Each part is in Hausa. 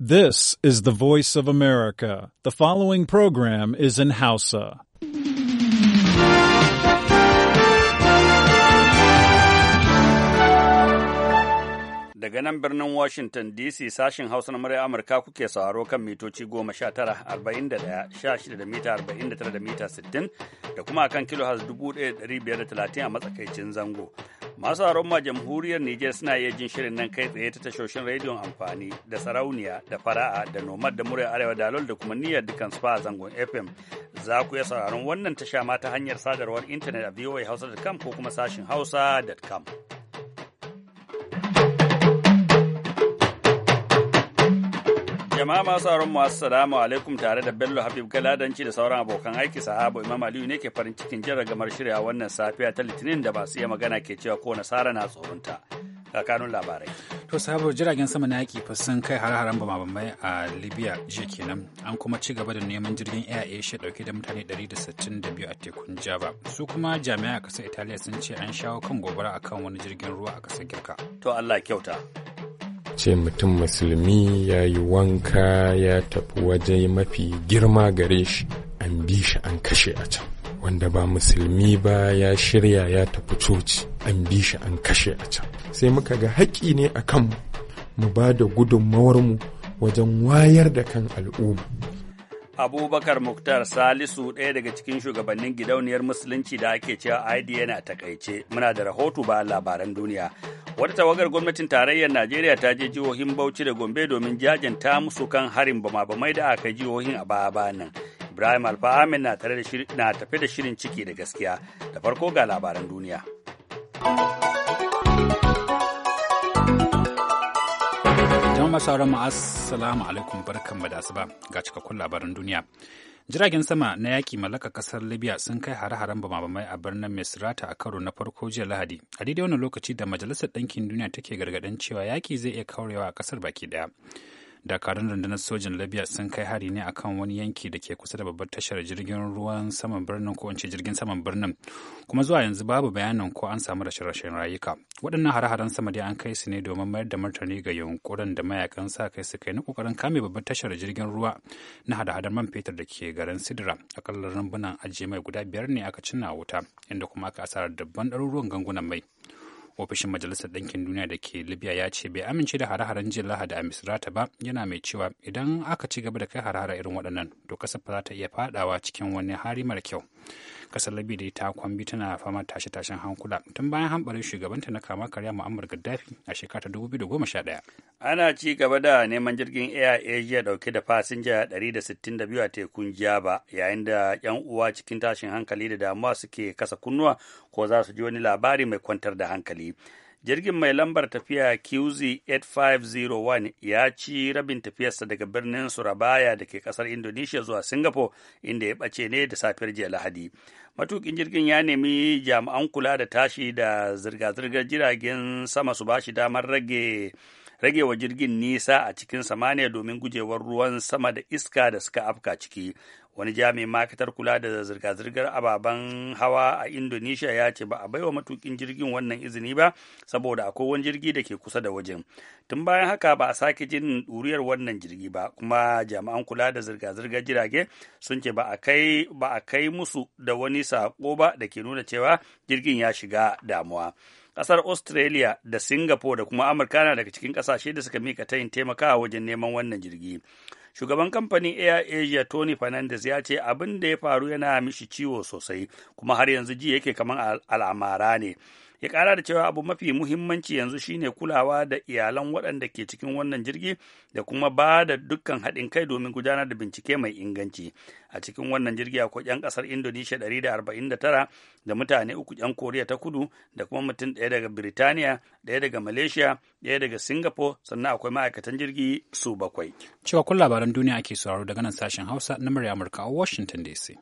This is the voice of America. The following program is in Hausa. Daga nan birnin Washington DC sashin Hausa na murya Amurka kuke sauraro kan mitoci goma sha tara, arba'in da ɗaya, sha shida da mita arba'in da tara da mita sittin da kuma kan kilo has dubu ɗaya da ɗari biyar da talatin a matsakaicin zango. Masu haron ma jamhuriyar Nijar suna iya jin shirin nan kai tsaye ta tashoshin rediyon amfani da sarauniya da fara'a da nomad da murya arewa dalol da kuma niyyar dukkan su a zangon FM. Za ku iya sauraron wannan tasha ma ta hanyar sadarwar intanet a voahausa.com ko kuma sashin hausa.com. Jama'a masu sauran mu assalamu alaikum tare da Bello Habib Galadanci da sauran abokan aiki sahabo Imam Aliyu ne ke farin cikin ga ragamar shirya wannan safiya ta Litinin da masu iya magana ke cewa ko nasara na tsoronta. kanun labarai. To sahabo jiragen sama na yaki fa sun kai har-haren bamabamai a Libya jiya kenan an kuma ci gaba da neman jirgin Air Asia dauke da mutane 162 a tekun Java. Su kuma jami'a a ƙasar Italiya sun ce an shawo kan gobara akan wani jirgin ruwa a kasar Girka. To Allah kyauta. ce mutum musulmi ya yi wanka ya tafi waje mafi girma gare shi an bi shi an kashe a can wanda ba musulmi ba ya shirya ya tafi coci an bi shi an kashe a can sai muka ga haƙƙi ne a kanmu mu ba da gudunmawarmu wajen wayar da kan al'umma abubakar muktar salisu ɗaya daga cikin shugabannin gidauniyar musulunci da ake cewa id yana takaice muna da rahoto ba labaran duniya wata tawagar gwamnatin tarayyar najeriya ta je jihohin bauchi da gombe domin jajanta musu kan harin bama-bamai da aka jihohin a baya nan ibrahim alfa amin na tafe da shirin ciki da gaskiya da farko ga labaran duniya masauran mu assalamu alaikum barkan da asuba ga cikakkun labaran duniya. Jiragen sama na yaƙi mallaka ƙasar Libya sun kai hare-haren bamabamai a birnin Misrata a karo na farko jiya Lahadi. A daidai wani lokaci da Majalisar ɗankin Duniya take gargaɗin cewa yaki zai iya kaurewa a ƙasar baki ɗaya. dakarun rundunar sojin libya sun kai hari ne akan wani yanki da ke kusa da babbar tashar jirgin ruwan saman birnin ko ce jirgin saman birnin kuma zuwa yanzu babu bayanin ko an samu rashin rashin rayuka waɗannan hare-haren sama dai an kai su ne domin mayar da martani ga yunkurin da mayakan sa kai su kai na kokarin kame babbar tashar jirgin ruwa na hada-hadar man fetur da ke garin sidira akalla rumbunan ajiye mai guda biyar ne aka cinna wuta inda kuma aka asarar dabban ɗaruruwan gangunan mai ofishin majalisar ɗinkin duniya da ke libya ya ce bai amince da hare-haren jin lahadi a misrata ba yana mai cewa idan aka ci gaba da kai hare-hare irin waɗannan to ƙasar ba za ta iya faɗawa cikin wani hari mara kyau kasar labi da ta kwambi tana fama tashe-tashen hankula tun bayan hambarin shugabanta na kama karya mu'ammar gaddafi a shekara ta 2011 ana ci gaba da neman jirgin air asia dauke da fasinja 162 a tekun jaba yayin da yan uwa cikin tashin hankali da damuwa suke kasa kunnuwa ko za su ji wani labari mai kwantar da hankali jirgin mai lambar tafiya QZ8501 ya ci rabin tafiyarsa daga birnin Surabaya da ke kasar Indonesia zuwa Singapore inda ya ɓace ne da safiyar jiya Lahadi. Matukin jirgin ya nemi jami'an kula da tashi da zirga-zirgar jiragen sama su bashi damar rage rage wa jirgin nisa a cikin samaniya domin gujewar ruwan sama da iska da suka afka ciki wani jami'in ma'aikatar kula da zirga-zirgar ababen hawa a indonesia ya ce ba a baiwa matukin jirgin wannan izini ba saboda akwai wani jirgi da ke kusa da wajen tun bayan haka ba a sake jin ɗuriyar wannan jirgi ba kuma jami'an kula da zirga-zirgar jirage sun ce ba a kai musu da wani saƙo ba da ke nuna cewa jirgin ya shiga damuwa kasar australia da singapore da kuma amurka na daga cikin kasashe da suka mika tayin taimakawa wajen neman wannan jirgi shugaban kamfanin air asia tony fernandez ya ce abin da ya faru yana mishi ciwo sosai kuma har yanzu ji yake kamar al'amara ne ya kara da cewa abu mafi muhimmanci yanzu shine kulawa da iyalan waɗanda ke cikin wannan jirgi da kuma ba da dukkan haɗin kai domin gudanar da bincike mai inganci a cikin wannan jirgi akwai 'yan ƙasar indonesia 149 da arba'in da da tara mutane uku 'yan koriya ta kudu da kuma mutum ɗaya daga biritaniya ɗaya daga malaysia ɗaya daga singapore sannan akwai ma'aikatan jirgi su bakwai cewa kun labaran duniya ake sauraro daga nan sashen hausa na murya amurka a washington dc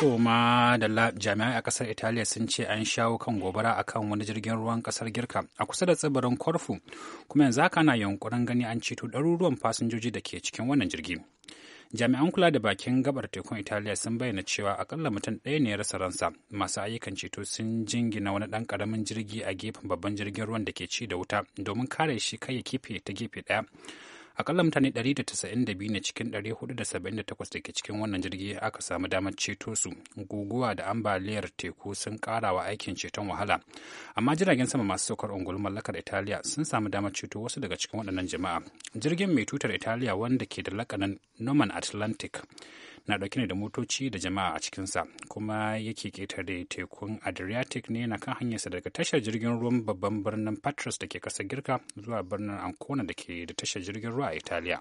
To ma da jami'ai a kasar Italiya sun ce an shawo kan gobara a kan wani jirgin ruwan kasar Girka a kusa da tsibirin Corfu kuma yanzu haka na yunkurin gani an ceto ɗaruruwan fasinjoji da ke cikin wannan jirgi. Jami'an kula da bakin gabar tekun Italiya sun bayyana cewa akalla mutum ɗaya ne rasa ransa masu ayyukan ceto sun jingina wani ɗan ƙaramin jirgi a gefen babban jirgin ruwan da ke ci da wuta domin kare shi kai ya kife ta gefe ɗaya. akalla mutane 192 ne cikin 478 da ke cikin wannan jirgi aka samu damar ceto su guguwa da ambaliyar teku sun ƙara wa aikin ceton wahala amma jiragen sama masu saukar ungul mallakar italiya sun samu damar ceto wasu daga cikin waɗannan jama'a jirgin mai tutar italiya wanda ke da lakanan norman atlantic na ɗauke ne da motoci da jama'a a cikinsa kuma yake ketare tekun adriatic ne na kan hanyarsa daga tashar jirgin ruwan babban birnin patras da ke ƙasar girka zuwa birnin ancona da ke da tashar jirgin ruwa a italiya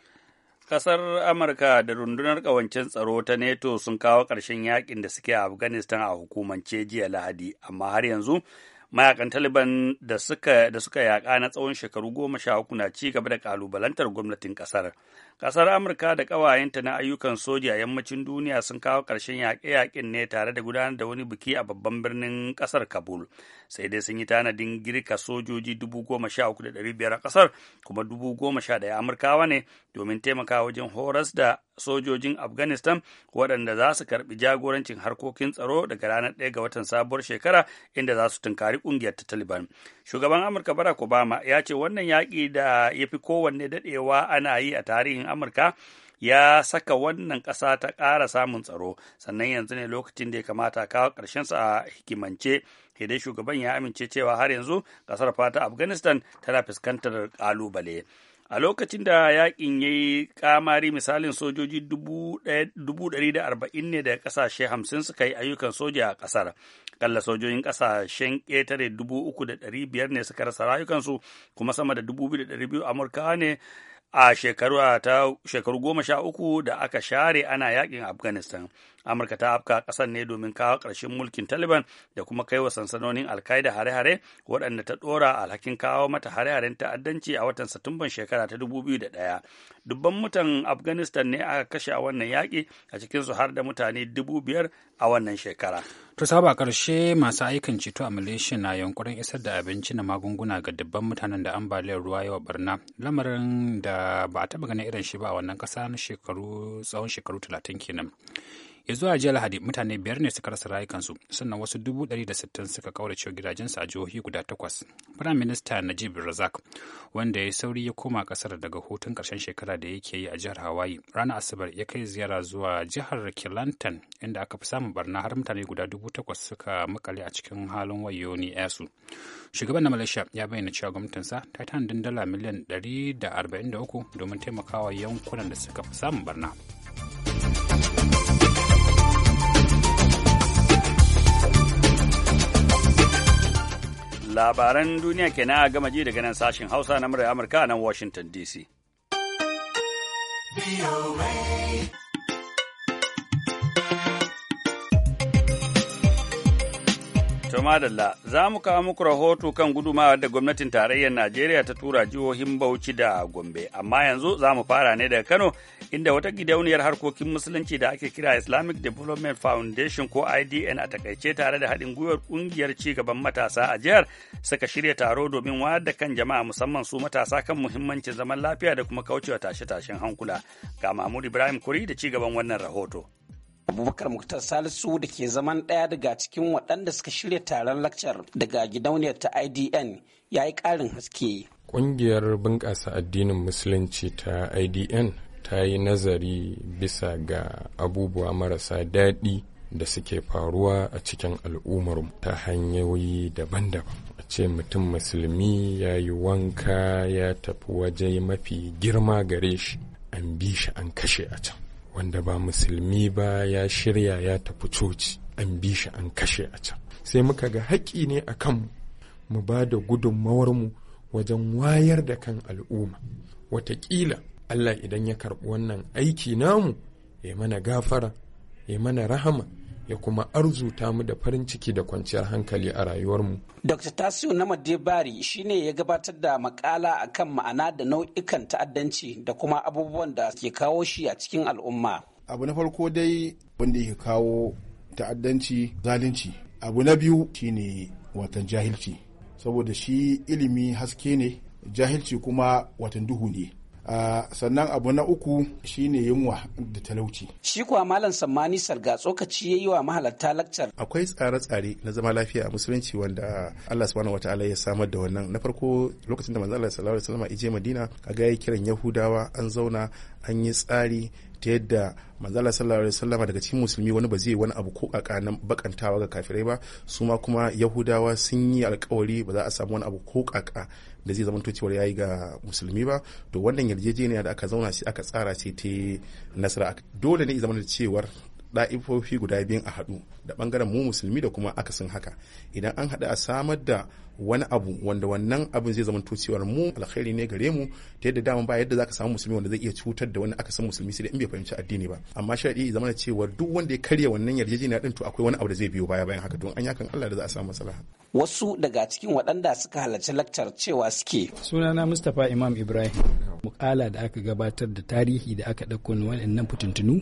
Kasar Amurka da rundunar ƙawancen tsaro ta neto sun kawo ƙarshen yakin da suke a Afghanistan a hukumance jiya Lahadi, amma har yanzu mayakan Taliban da suka, da suka yaƙa na tsawon shekaru goma sha uku na ci gaba da ƙalubalantar gwamnatin ƙasar. Ƙasar Amurka da ƙawayenta na ayyukan soja yammacin duniya sun kawo ƙarshen yaƙe yaƙen ne tare da gudanar da wani biki a babban birnin ƙasar Kabul. Sai dai sun yi tanadin girka sojoji dubu goma sha uku da ɗari biyar a ƙasar kuma dubu goma sha ɗaya Amurkawa ne domin taimaka wajen horas da sojojin afghanistan waɗanda za su karɓi jagorancin harkokin tsaro daga ranar 1 ga watan sabuwar shekara inda za su tunkari ƙungiyar ta taliban shugaban amurka barack obama ya ce wannan yaƙi da ya fi kowanne daɗewa ana yi a tarihin amurka ya saka wannan ƙasa ta ƙara samun tsaro sannan yanzu ne lokacin da ya kamata kawo ƙarshen sa a hikimance dai shugaban ya amince cewa har yanzu ƙasar fata afghanistan tana fuskantar ƙalubale a lokacin da yakin ya yi kamari misalin sojoji arba'in ne da kasashe hamsin suka yi ayyukan soja a kasar kalla sojojin kasashen ƙetare biyar ne suka rasa rayukansu kuma sama da biyu amurka ne a shekaru goma sha uku da aka share ana yakin afghanistan amurka ta afka kasar ne domin kawo ƙarshen mulkin taliban da kuma kai wa sansanonin alkaida hare-hare waɗanda ta ɗora alhakin kawo mata hare-haren ta'addanci a watan satumban shekara ta 2001 dubban mutan afghanistan ne aka kashe a wannan yaƙi a cikinsu har da mutane dubu a wannan shekara to saba ƙarshe masu aikin ceto a malaysia na yankurin isar da abinci na magunguna ga dubban mutanen da ambaliyar ruwa yawa barna lamarin da ba a taba ganin irin shi ba a wannan kasa na shekaru tsawon shekaru talatin kenan ya zuwa jiya lahadi mutane biyar ne suka rasa rayukansu sannan wasu dubu ɗari da sittin suka kaurace gidajensu a jihohi guda takwas firayim minista najib razak wanda ya sauri ya koma kasar daga hutun karshen shekara da yake yi a jihar hawaii ranar asabar ya kai ziyara zuwa jihar kilantan inda aka fi samun barna har mutane guda dubu takwas suka makale a cikin halin wayoni yasu shugaban na malaysia ya bayyana cewa gwamnatinsa ta tanadin dala miliyan uku domin taimakawa yankunan da suka fi samun barna. labaran duniya kenan a gama ji daga nan sashen hausa na murar amurka nan washington dc To madalla, za mu kawo muku rahoto kan gudumawa da gwamnatin tarayyar Najeriya ta tura jihohin Bauchi da Gombe, amma yanzu za mu fara ne daga Kano, inda wata gidauniyar harkokin musulunci da ake kira Islamic Development Foundation ko IDN a takaice tare da haɗin gwiwar ƙungiyar ci gaban matasa a jihar suka shirya taro domin wayar da kan jama'a musamman su matasa kan muhimmancin zaman lafiya da kuma kaucewa tashe-tashen hankula. Ga Mahmud Ibrahim Kuri da ci gaban wannan rahoto. abubakar muktar salisu da ke zaman ɗaya daga cikin waɗanda suka shirya taron lakcar daga gidauniyar ta idn ya yi ƙarin haske ƙungiyar bunƙasa addinin musulunci ta idn ta yi nazari bisa ga abubuwa marasa daɗi da suke faruwa a cikin al'ummar ta hanyoyi daban-daban a ce mutum musulmi ya yi wanka ya tafi waje mafi girma gare shi an bi shi an kashe a can wanda ba musulmi ba ya shirya ya tafi coci an bi shi an kashe a can sai muka ga haƙƙi ne a kanmu mu ba da mu wajen wayar da kan al'umma wataƙila allah idan ya karɓi wannan aiki namu ya mana gafara ya mana rahama ya kuma arzuta mu da farin ciki da kwanciyar hankali a rayuwarmu. Dr. Tasiu Namadi Bari ne ya gabatar da makala akan ma'ana da nau'ikan ta'addanci da kuma abubuwan da ke kawo shi a cikin al'umma. Abu na farko dai wanda ke kawo ta'addanci zalunci. Abu na biyu shine watan jahilci. Saboda shi ilimi haske ne, jahilci kuma watan duhu ne. sannan abu na uku shine yunwa da talauci shi kuwa malam sammani salga tsokaci ya yi wa mahalarta lakcar akwai tsare-tsare na zama lafiya a musulunci wanda allah subhanahu wataala ya samar da wannan na farko lokacin da manzo allah sallallahu alaihi wasallam a madina kaga ya kiran yahudawa an zauna an yi tsari ta yadda manzala sallallahu alaihi wasallama daga cikin musulmi wani ba zai wani abu ko kaka nan bakantawa ga kafirai ba su ma kuma yahudawa sun yi alkawari ba za a samu wani abu ko kaka da zai zamanto cewar yayi ga musulmi ba to wannan yarjejeniya da aka zauna sai aka tsara sai ta nasara dole ne zama da cewar ɗa'ifofi guda biyun a haɗu da ɓangaren mu musulmi da kuma akasin haka idan an haɗu a samar da wani abu wanda wannan abin zai zama cewar mu alkhairi ne gare mu ta yadda dama ba yadda zaka samu musulmi wanda zai iya cutar da wani akasin musulmi sai in bai fahimci addini ba amma sharadi zama cewa duk wanda ya karya wannan yarjejeniya din to akwai wani abu da zai biyo baya bayan haka don an yakan Allah da za a samu maslaha wasu daga cikin waɗanda suka halarci lakcar cewa suke sunana Mustapha Imam Ibrahim mukala da aka gabatar da tarihi da aka ɗauko wannan fitintunu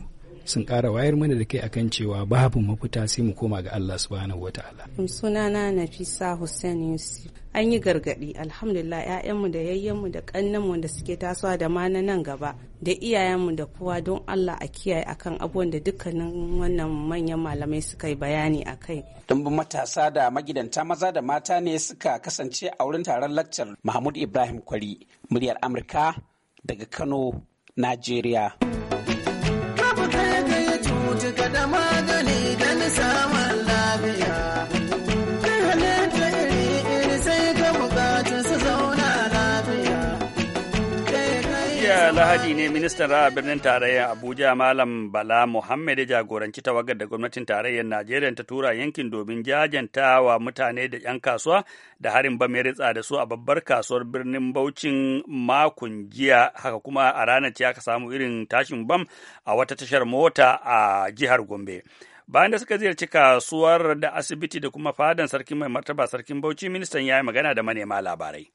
sun kara wayar mana da kai akan cewa babu mafita sai mu koma ga Allah subhanahu wataala um, sunana Nafisa Hussein Yusuf an yi gargadi alhamdulillah ƴaƴanmu da yayyenmu da ƙannenmu da suke tasowa da ma na nan gaba da iyayenmu da kowa don Allah a kiyaye akan abubuwan da dukkanin wannan manyan malamai suka yi bayani a kai. Dumbin matasa da magidanta maza da mata ne suka kasance a wurin taron lakcar Mahmud Ibrahim Kwari, muryar Amurka daga Kano, Najeriya. da magani don samu Lahadi ne ministan ra'a birnin tarayyar Abuja Malam Bala Muhammad ya jagoranci tawagar da gwamnatin tarayyar Najeriya ta tura yankin domin jajanta wa mutane da 'yan kasuwa da harin bam ya ritsa da su a babbar kasuwar birnin Baucin makon jiya haka kuma a ranar ce aka samu irin tashin bam a wata tashar mota a jihar Gombe. bayan da suka ziyarci kasuwar da asibiti da kuma fadan sarkin mai martaba sarkin bauchi ministan ya yi magana da manema labarai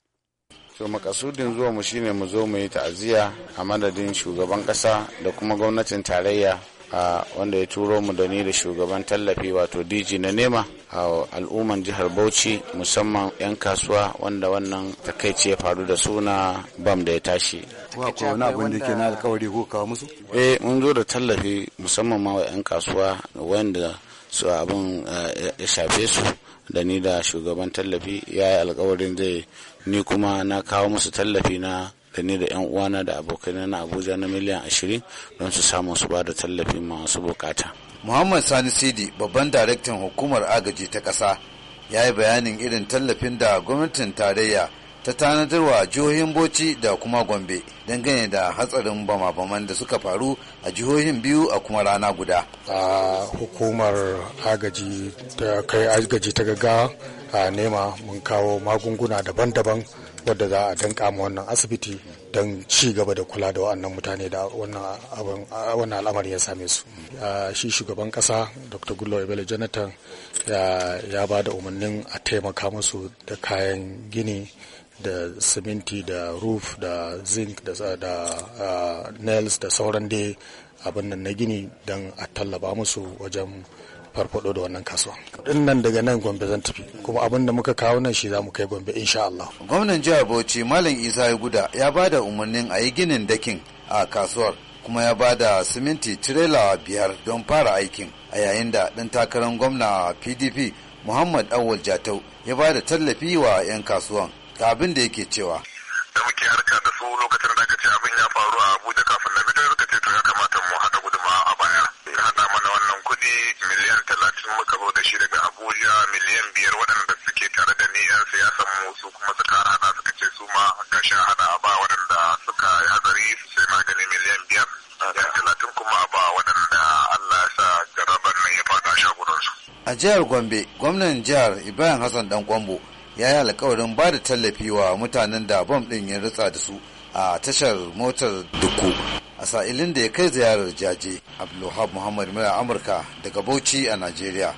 so makasudin zuwa mu shine mu zo mu yi ta'aziyya a madadin shugaban kasa da kuma gwamnatin tarayya a wanda ya turo mu da ni da shugaban tallafi wato DG na nema a al'umman jihar bauchi musamman 'yan kasuwa wanda wannan takaici ya faru da suna bam da ya tashi wani abin da ke na alkawari ko kawo musu eh mun zo da tallafi musamman ma wa 'yan kasuwa wanda su abin ya shafe su da ni da shugaban tallafi ya yi alkawarin zai ni kuma na kawo musu tallafi na da ni da yan uwana da abokaina na abuja na miliyan ashirin don su samu su ba da tallafi masu bukata muhammad sani sidi babban daraktan hukumar agaji ta ƙasa ya yi bayanin irin tallafin da gwamnatin tarayya ta tanadarwa jihohin Bauchi da kuma Gombe dangane da hatsarin bama-baman da suka faru a jihohin biyu a kuma rana guda. A hukumar agaji ta kai agaji ta gaggawa nema mun kawo magunguna daban-daban wadda za a danka mu wannan asibiti don ci gaba da kula da wannan mutane da wannan al'amari ya same su shi shugaban kasa dr gullo ebele jonathan ya ba da umarnin a taimaka musu da kayan gini da siminti da roof da zinc da, nails da sauran dai abin nan na gini don a tallaba musu wajen farfado da wannan kasuwa kudin nan daga nan gombe zan tafi kuma abin da muka kawo nan shi za mu kai gombe insha Allah gwamnan jihar Bauchi Malam Isa Ya Guda ya ba da umarnin a yi ginin dakin a kasuwar kuma ya ba da siminti tirela biyar don fara aikin a yayin da ɗan takarar gwamna PDP Muhammad Awal Jatau ya ba da tallafi wa 'yan kasuwan ga abin da yake cewa da muke harka da su lokacin da ce abin ya faru a Abuja kuɗi miliyan talatin muka zo da shi daga Abuja miliyan biyar waɗanda suke tare da ni 'yan siyasan mu su kuma suka hada suka ce su ma ga sha hada a ba waɗanda suka yi hatsari su sai magani miliyan biyar. Miliyan talatin kuma a ba waɗanda Allah ya sa jarabar nan ya faɗa shagunansu. A jihar Gombe, gwamnan jihar Ibrahim Hassan Dan Kwambo ya yi alkawarin ba da tallafi wa mutanen da bom ɗin ya ritsa da su a tashar motar Dukku. a sa'ilin da ya kai ziyarar jaje abdulhab muhammad mai amurka daga bauchi a najeriya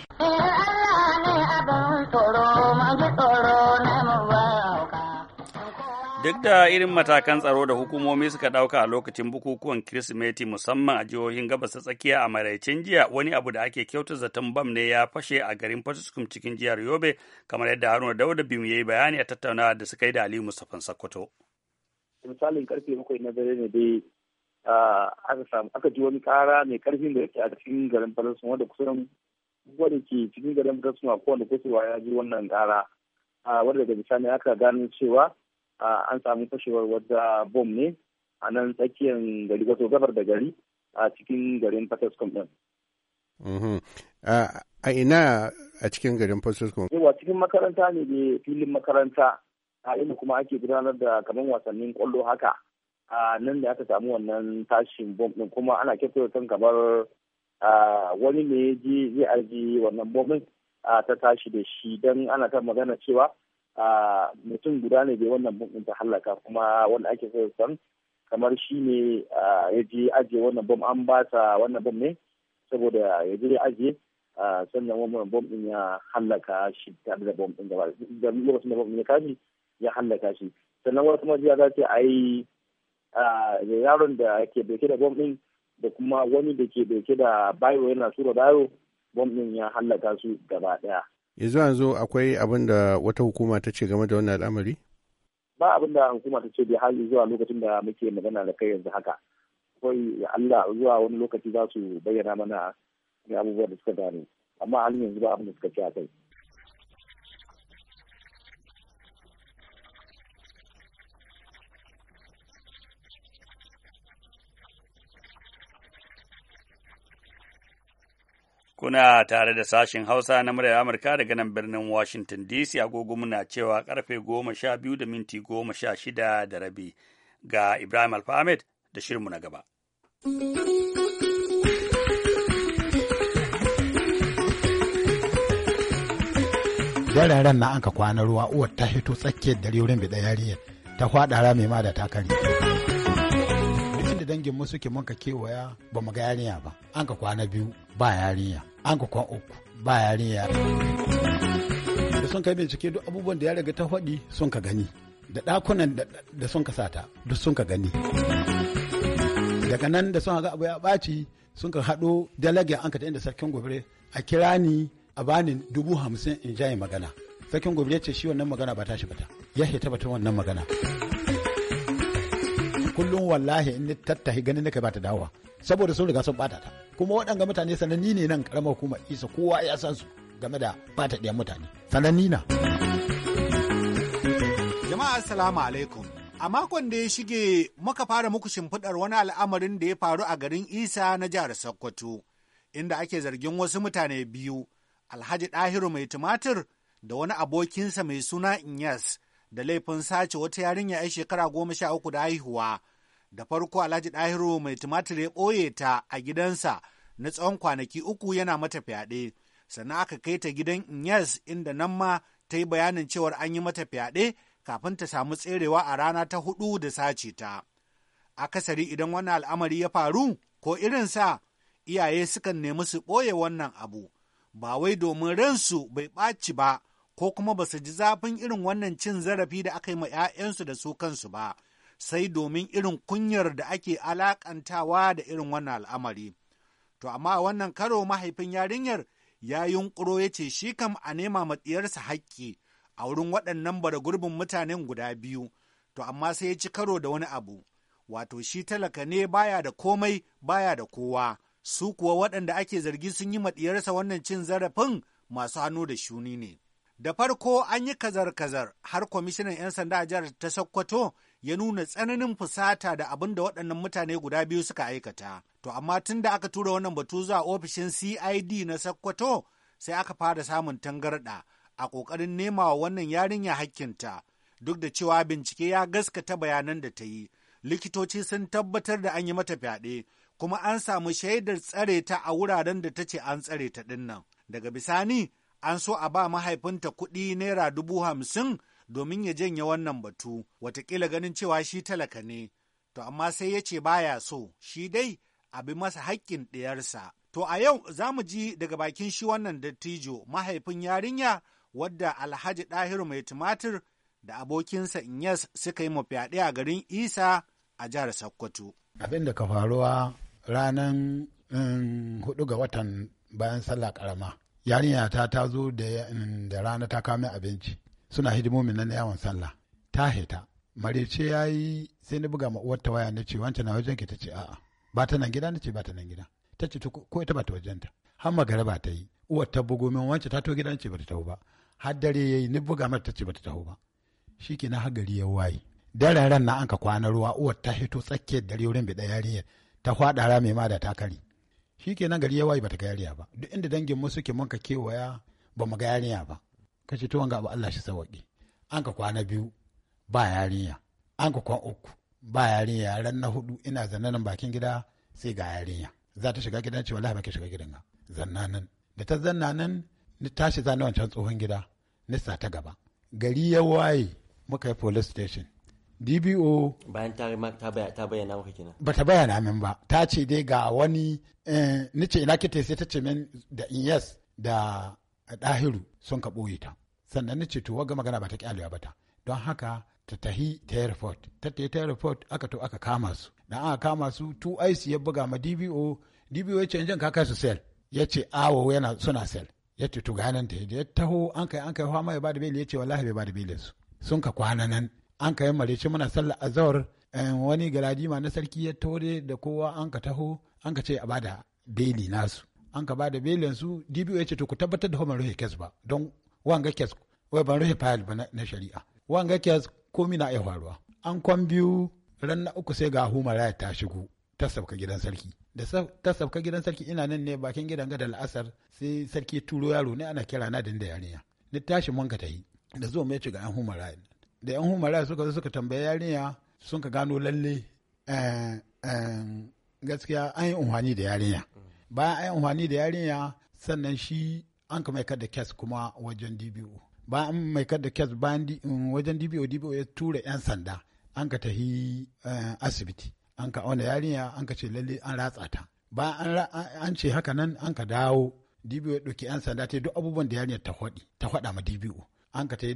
duk da irin matakan tsaro da hukumomi suka ɗauka a lokacin bukukuwan kirsimeti musamman a jihohin gabas ta tsakiya a maraicin jiya wani abu da ake kyautar zaton bam ne ya fashe a garin fatuskum cikin jihar yobe kamar yadda haruna dauda bimu ya yi bayani a tattaunawa da suka yi da aliyu mustapha sakkwato misalin karfe bakwai na dare ne dai Ah, aka samu aka ji wani kara mai karfin da yake a cikin garin falasun wanda kusan wanda ke cikin garin falasun a kowane kusurwa ya ji wannan kara ah, wanda daga bisani aka gano cewa ah, an samu fashewar wadda bom ne a nan tsakiyar gari wato gabar da gari a cikin garin falasun din. Mm-hmm. A ina a cikin garin falasun. Yawa cikin makaranta ne da eh, filin makaranta a inda kuma ake gudanar da kamar wasannin kwallo haka. a nan da aka samu wannan tashin bom din kuma ana kyautar kamar wani ne ji zai arji wannan bom din ta tashi da shi don ana ta magana cewa mutum guda ne bai wannan bom din ta halaka kuma wanda ake san kamar shi ne ya je ajiye wannan bom an ba ta wannan bom ne saboda ya je ajiye sannan wannan bom din ya halaka shi tare da bom din gaba da lokacin da bom din ya kashi ya halaka shi sannan wasu majiya za ce yi. da yaron da ke dauke da bom ɗin da kuma wani da ke dauke da bayo yana tura bayo bom ya hallaka su gaba daya yanzu yanzu akwai abin da wata hukuma ta ce game da wannan al'amari ba abin da hukuma ta ce da hali zuwa lokacin da muke magana da kai yanzu haka akwai Allah zuwa wani lokaci za su bayyana mana abubuwan da suka gane amma halin yanzu ba abin da suka ce a kai Kuna tare da sashen Hausa na muryar Amurka daga nan birnin Washington DC agogo muna cewa karfe goma sha biyu da minti goma sha shida da rabi ga Ibrahim Alfahamed da shirinmu na gaba. Dararen na anka kwana ruwa uwar ta hito tsakiyar dare wurin biɗa ta kwaɗa rami ma da ta da dangin mu suke mun ka kewaya ba mu ga yarinya ba an ka kwana biyu ba yarinya an ka kwan uku ba yarinya da sun kai bincike duk abubuwan da ya riga ta faɗi sun ka gani da ɗakunan da sun ka sata duk sun ka gani daga nan da sun ga abu ya ɓaci sun ka haɗo dalage an ka ta inda sarkin gobe a kira ni a bani dubu hamsin in jaye magana sarkin gobe ce shi wannan magana ba ta shi ta ya ta batun wannan magana kullum wallahi in ni tattahi ganin nake ba ta dawowa saboda sun riga sun bata ta kuma waɗanga mutane sananni ne nan karamar hukumar isa kowa ya san su game da bata ɗiyan mutane sananni na. jama'a assalamu alaikum a makon da ya shige muka fara muku shimfiɗar wani al'amarin da ya faru a garin isa na jihar sokoto inda ake zargin wasu mutane biyu alhaji ɗahiru mai tumatir da wani abokinsa mai suna inyas da laifin sace wata yarinya 'yan shekara goma sha uku da haihuwa da farko alhaji ɗahiru mai tumatir ya ɓoye ta a gidansa na tsawon kwanaki uku yana mata fyaɗe sannan aka kai ta gidan inyas inda nan ma ta yi bayanin cewar an yi mata fyaɗe kafin ta samu tserewa a rana ta hudu da sace ta akasari idan wannan al'amari ya faru ko irin sa iyaye sukan nemi su ɓoye wannan abu ba wai domin ransu bai ɓaci ba ko kuma ba su ji zafin irin wannan cin zarafi da aka yi ma 'ya'yansu da su kansu ba, sai domin irin kunyar da ake alakantawa da irin wannan al'amari. To, amma wannan karo mahaifin yarinyar ya yunƙuro ya ce shi kam a nema matsiyarsa haƙƙi a wurin waɗannan bara gurbin mutanen guda biyu, to amma sai ya ci karo da wani abu, wato shi talaka ne baya da komai baya da kowa, su kuwa waɗanda ake zargi sun yi matsiyarsa wannan cin zarafin masu hannu da shuni ne. Da farko an yi kazar-kazar har kwamishinan 'yan sanda a jihar ta Sokoto ya nuna tsananin fusata da abin da waɗannan mutane guda biyu suka aikata. To amma tun da aka tura wannan batu zuwa ofishin CID na Sokoto sai aka fara samun tangarɗa a ƙoƙarin nema wa wannan yarinya hakkinta duk da cewa bincike ya gaskata bayanan da ta yi. Likitoci sun tabbatar da an yi mata fyaɗe kuma an samu shaidar tsare ta a wuraren da ta ce an tsare ta ɗinnan. Daga bisani an so a ba mahaifinta kuɗi naira dubu hamsin domin ya janye wannan batu, watakila ganin cewa shi talaka ne, to amma sai ya ce baya so, shi dai a bi masa haƙƙin ɗiyarsa. To a yau za mu ji daga bakin shi wannan dattijo mahaifin yarinya wadda Alhaji Ɗahiru mai tumatir da abokinsa Inyas suka yi fyaɗe a garin Isa a jihar Sokoto. Abin da ka faruwa ranar um, hudu ga watan bayan sallah karama yarinya ta ta zo da mm, rana ta kame abinci suna hidimomin na yawon sallah ta heta marece ya yi sai na buga ma'uwar ta waya na ce wancan na wajen ki ta ce a'a ba ta nan gida na ce ba ta nan gida ta ce ko ita ba ta wajen ta har magaraba ta yi uwar ta bugo min wancan ta to gida na ce ba ta taho ba har dare ya yi ni buga mata ta ce ba ta taho ba shi ke na hagari ya waye dare ran na an ka kwana ruwa uwar ta hito tsakiyar dare wurin ɗaya yarinyar ta faɗa rami ma da ta kari shi kenan gari ya waye bata ga yariya ba duk inda dangin mu suke mun ka kewaya ba mu ga yariya ba ka ce to wanga ba Allah shi sawaki an ka kwana biyu ba yarinya an ka kwan uku ba yarinya ran na hudu ina zannanin bakin gida sai ga yarinya za ta shiga gidan ce wallahi ba shiga gidan ga zannanin da ta zannanin ni tashi zana wancan tsohon gida sa ta gaba gari ya waye muka yi police station dbo bayan ta ta bayyana maka kenan ba ta bayyana min ba ta ce dai ga wani eh, ni ce ina kita sai ta ce min da yes da dahiru sun ka ɓoye ta sannan ni ce to waga magana ba ta kyalewa ba ta don haka ta tahi ta report. ta tahi ta report aka to aka kama su da aka kama su tu ic ya buga ma dbo dbo ya ce jan ka kai su sel ya ce awo yana suna sel ya ce to ganin nan ta ya taho an kai an kai fama ya ba da bele ya ce wallahi bai ba da bele su sun ka kwana nan an ka yi marece muna sallar azhar eh, wani galadima na sarki ya tore da kowa an ka taho an ka ce a bada beli nasu an ka bada belin su DBO ya ce to ku tabbatar da ban rufe kes ba don wanga kes wai ban rufe fayil ba na shari'a wanga kes ko na iya faruwa an kwan biyu ran na uku sai ga ya ta shigo ta sabka gidan sarki da ta sabka gidan sarki ina nan ne bakin gidan gadal asar la'asar sai sarki turo yaro ne ana kira na dinda yarinya ni tashi mun ka tayi da zo mai ci ga an humaraya da yan humara suka zo suka tambaye yarinya sun ka gano lalle eh, eh, gaskiya an yi unhwani da yarinya bayan an yi unhwani da yarinya sannan shi an ka maikar da kes kuma wajen dbo bayan an maikar da kes bayan mm, wajen dbo dbo ya tura yan sanda an ka tafi eh, asibiti an ka auna yarinya an ka ce lalle an ratsa ta bayan an ce haka nan an ka dawo dbo ya ɗauki yan sanda ta duk abubuwan da yarinya ta faɗi ta faɗa ma dbo an ka ta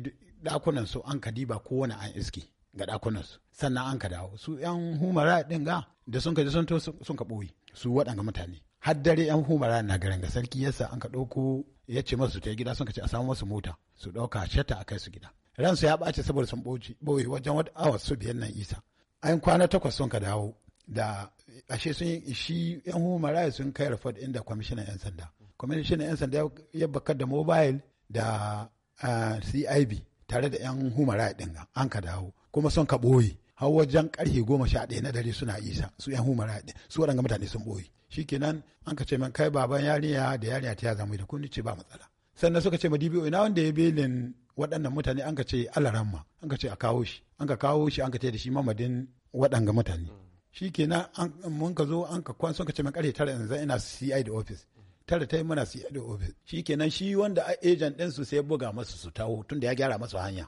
dakunan su an ka diba kowane an iski ga dakunan su sannan an ka dawo su yan humara din ga da sun ka ji sun to sun ka boye su waɗanga mutane har dare yan humara na garin ga sarki yasa an ka ɗauko ya ce masu ta gida sun ka ce a samu masu mota su ɗauka shata a kai su gida ransu ya ɓace saboda sun boye wajen wata awa su biyan nan isa an kwana takwas sun ka dawo da ashe sun shi yan humara sun kai rafat inda kwamishinan yan sanda kwamishinan yan sanda ya bakar da mobile da ah, cib tare da 'yan humara ɗin an ka dawo kuma son ka ɓoye har wajen karfe goma sha ɗaya na dare suna isa su yan humara su waɗanga mutane sun ɓoye nan an ka ce min kai baban yarinya da yarinya ta zama da kun ce ba matsala sannan suka ce ma DBO ina wanda ya belin waɗannan mutane an ka ce alaramma an ka ce a kawo shi an ka kawo shi an ka ce da shi mamadin waɗanga mutane shi shikenan mun ka zo an ka kwan sun ka ce min karfe tara yanzu ina CI da office tara ta yi mana su yi ofis shi kenan shi wanda ejan su sai buga masu su taho tunda ya gyara masu hanya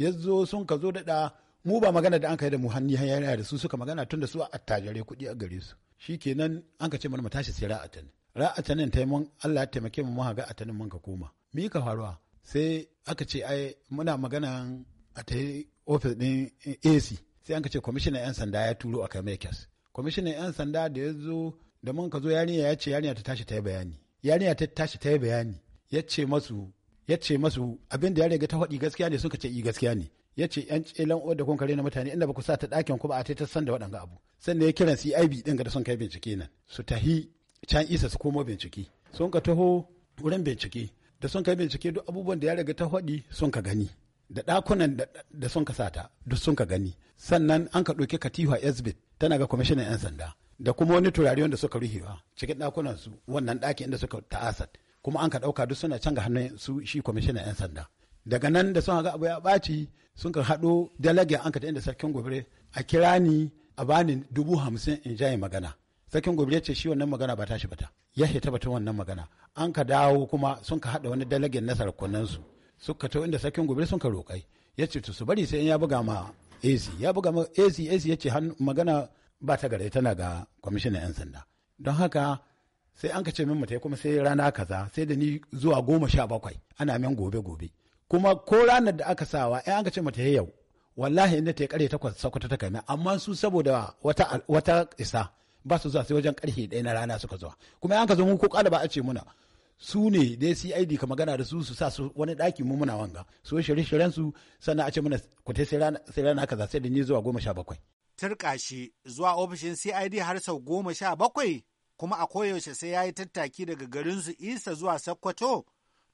ya zo sun ka zo daɗa mu ba magana da an kai da mu hannu hanyar da su suka magana tun da su a attajare kuɗi a gare su shi kenan an ka ce mana mu tashi sai ra'a ra'atan ra'a ta yi mun Allah ya taimake mu a ga atanin mun ka koma mi ka faruwa sai aka ce ai muna magana a ta ofis ɗin AC sai an ka ce kwamishinan 'yan sanda ya turo a kai mai kwamishinan 'yan sanda da ya zo da mun ka zo yarinya ya ce yarinya ta tashi ta yi bayani yarinya ta tashi ta yi bayani ya ce masu ya ce masu abin da yarinya ta faɗi gaskiya ne suka ce i gaskiya ne ya ce yan tselan uwar da kun kare na mutane inda ba ku sa ta ɗakin ku ba a ta san da waɗanga abu sannan ya kiran CIB ɗin ga da sun kai bincike nan su tahi can isa su komo bincike sun ka taho wurin bincike da sun kai bincike duk abubuwan da ya riga ta faɗi sun ka gani da ɗakunan da sun ka sata duk sun ka gani sannan an ka ɗauki katifa esbit tana ga kwamishinan 'yan sanda da kuma wani turare wanda suka ruhewa cikin ɗakunan su wannan ɗaki inda suka ta'asad kuma an ka ɗauka duk suna canga hannun su shi kwamishinan 'yan sanda daga nan da sun ga abu ya ɓaci sun ka haɗo dalage an ka inda sarkin gobire a kira ni a bani dubu hamsin in jaye magana sarkin gobire ce shi wannan magana ba ta shi bata ya hita batun wannan magana an ka dawo kuma sun ka haɗa wani dalage na sarkunan su suka to inda sarkin gobire sun ka roƙai ya ce to su bari sai in ya buga ma AC ya buga ma AC AC ya ce magana ba ta gare tana ga kwamishinan 'yan sanda don haka sai an ka ce min mutai kuma sai rana kaza sai da ni zuwa goma sha bakwai ana min gobe gobe kuma ko ranar da aka sawa in an ka ce mutai yau wallahi inda ta yi karfe takwas sakwata ta kaina amma su saboda wata, wata isa ba su zuwa sai wajen karfe ɗaya na rana suka zuwa kuma an ka zo mu ko ƙala ba a ce muna su ne dai cid ka magana da su su sa su wani ɗaki mu muna wanga su shirye shiryen su sannan a ce muna ku sai rana kaza sai da ni zuwa goma sha bakwai turka shi zuwa ofishin CID har sau goma sha bakwai kuma a koyaushe sai ya yi tattaki daga garin su isa zuwa Sokoto.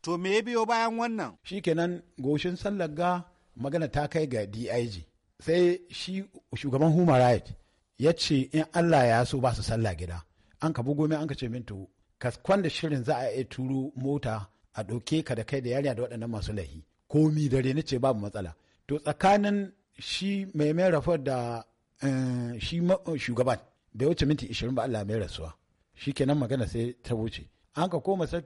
To me ya biyo bayan wannan? shikenan kenan goshin ga magana ta kai ga DIG. Sai shi shugaban Human Right ya ce in Allah ya so ba su sallah gida. An ka bugo an ka ce min to ka kwanda shirin za a iya turo mota a ɗauke ka da kai da yarinya da waɗannan masu lahi. Komi dare na ce babu matsala. To tsakanin shi mai mai rafar da Eh, shi eh, shugaban bai wuce minti ishirin ba Allah mai rasuwa shi kenan magana sai ta wuce an ka koma sai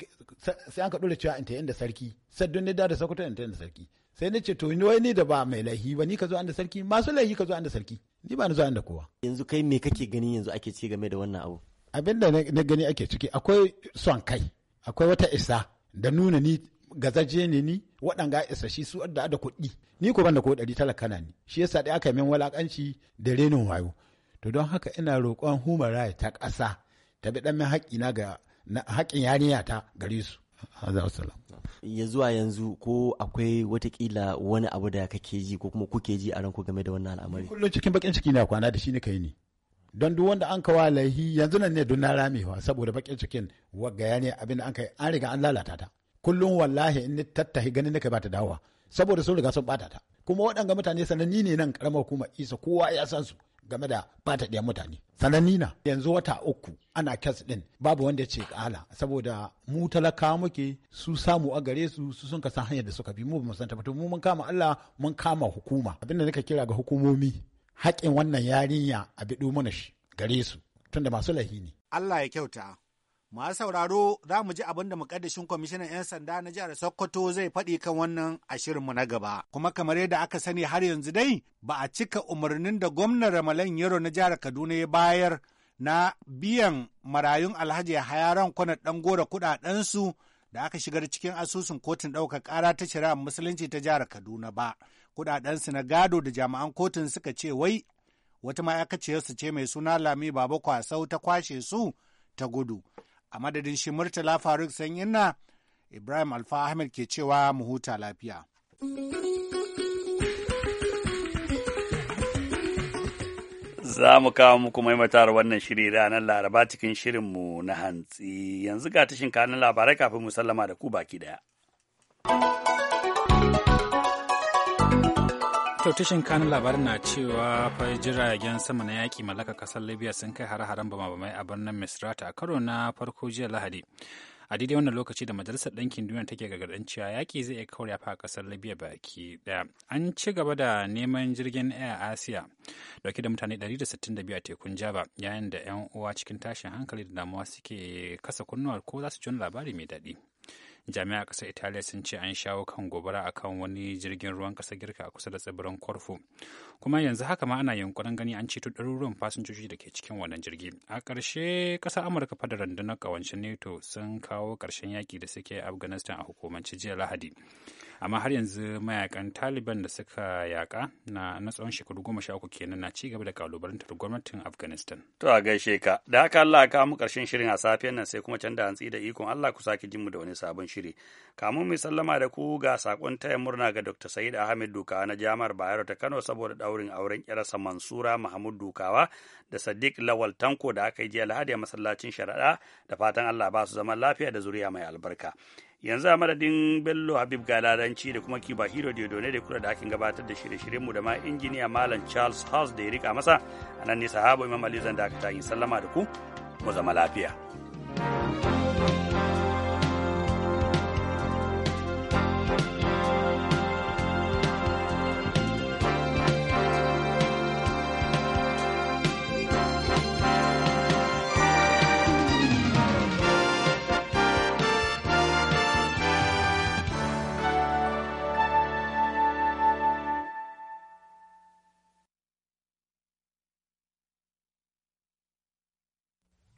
an ka dole cewa inta inda sarki saddun ne da da sakuta inta inda sarki sai ni ce to ni wai ni da ba mai laihi ba ni ka zo an da sarki masu laihi ka zo an da sarki ni ba ni zo an da kowa yanzu kai me kake gani yanzu ake ci game da wannan abu abin da na gani ake ciki akwai son kai akwai wata isa da nuna ni gazaje ne ni waɗanga isashi su da da kuɗi ni ko ban da ko ɗari talaka na ni shi yasa da aka min walakanci da renin wayo to don haka ina roƙon human right ta ƙasa ta bi ɗan haƙƙi na ga haƙƙin yarinya ta gare su ya zuwa yanzu ko akwai watakila wani abu da kake ji ko kuma kuke ji a ranku game da wannan al'amari kullum cikin bakin ciki na kwana da shi ne kai ne don duk wanda an kawo laihi yanzu nan ne don na ramewa saboda bakin cikin wagga ya ne abin da an kai an riga an lalata ta kullum wallahi in tattahi ganin nake ba ta dawowa saboda sun riga sun bata ta kuma waɗanga mutane sananni ne nan karamar hukumar isa kowa ya san su game da bata ɗaya mutane sananni na yanzu wata uku ana kes ɗin babu wanda ya ce kala saboda mu talaka muke su samu a gare su su sun san hanyar da suka bi mu ba mu san tabbatar mu mun kama Allah mun kama hukuma abinda nake kira ga hukumomi haƙin wannan yarinya a biɗo mana shi gare su tunda masu lahi ne Allah ya kyauta Masu sauraro za mu ji abin da mukaddashin kwamishinan 'yan sanda na jihar Sokoto zai faɗi kan wannan ashirinmu mu na gaba. Kuma kamar yadda aka sani har yanzu dai ba a cika umarnin da gwamnan Ramalan Yaro na jihar Kaduna ya bayar na biyan marayun alhaji hayaran kwana ɗan gora kuɗaɗensu da aka shigar cikin asusun kotun ɗaukar ƙara ta shari'ar musulunci ta jihar Kaduna ba. Kuɗaɗensu na gado da jami'an kotun suka ce wai wata ma'aikaciyarsu ce mai suna Lami Baba Kwasau ta kwashe su ta gudu. a madadin shi Murtala Faruk sanyina, Ibrahim Alfa Ahmed ke cewa mu huta lafiya. Za mu kawo muku maimaitar wannan shiri ranar Laraba cikin shirinmu na hantsi. Yanzu ga tashin kanin labarai kafin mu sallama da ku baki daya. to tashin labarin na cewa fa jiragen sama na yaƙi mallaka ƙasar libya sun kai hare-haren bama a birnin misrata a karo na farko jiya lahadi a daidai wannan lokaci da majalisar ɗinkin duniya take gargaɗin cewa yaƙi zai iya ya fa ƙasar libya baki ɗaya an ci gaba da neman jirgin air asia dauke da mutane 162 a tekun java yayin da 'yan uwa cikin tashin hankali da damuwa suke kasa kunnuwar ko za su ci wani labari mai daɗi jami'a ƙasar italiya sun ce an shawo kan gobara a kan wani jirgin ruwan ƙasar girka a kusa da tsibirin korfu kuma yanzu haka ma ana yunkurin gani an ceto ɗaruruwan fasinjoji da ke cikin wannan jirgi a ƙarshe ƙasar amurka fadar rundunar ƙawancin nato sun kawo ƙarshen yaƙi da suke afghanistan a hukumance jiya lahadi amma har yanzu mayakan taliban da suka yaka na na tsawon shekaru goma sha uku kenan na ci gaba da kalubalantar gwamnatin afghanistan to a gaishe ka da haka allah ka mu karshen shirin a safiyar nan sai kuma canza hantsi da ikon allah ku sake jin mu da wani sabon shiri kamun mu sallama da ku ga sakon taya murna ga dr sa'id ahmed dukawa na jami'ar bayero ta kano saboda daurin auren yarsa mansura mahmud dukawa da sadiq lawal tanko da aka yi jiya lahadi a masallacin sharaɗa da fatan allah ba su zaman lafiya da zuriya mai albarka yanzu a madadin bello habib galadanci da kuma kiba hero diodone da kula da hakin gabatar da shirye-shiryen mu da ma injiniya malam charles house da ya rika masa a nan ne sahabo imam ali zan da aka tayin sallama da ku mu zama lafiya thank you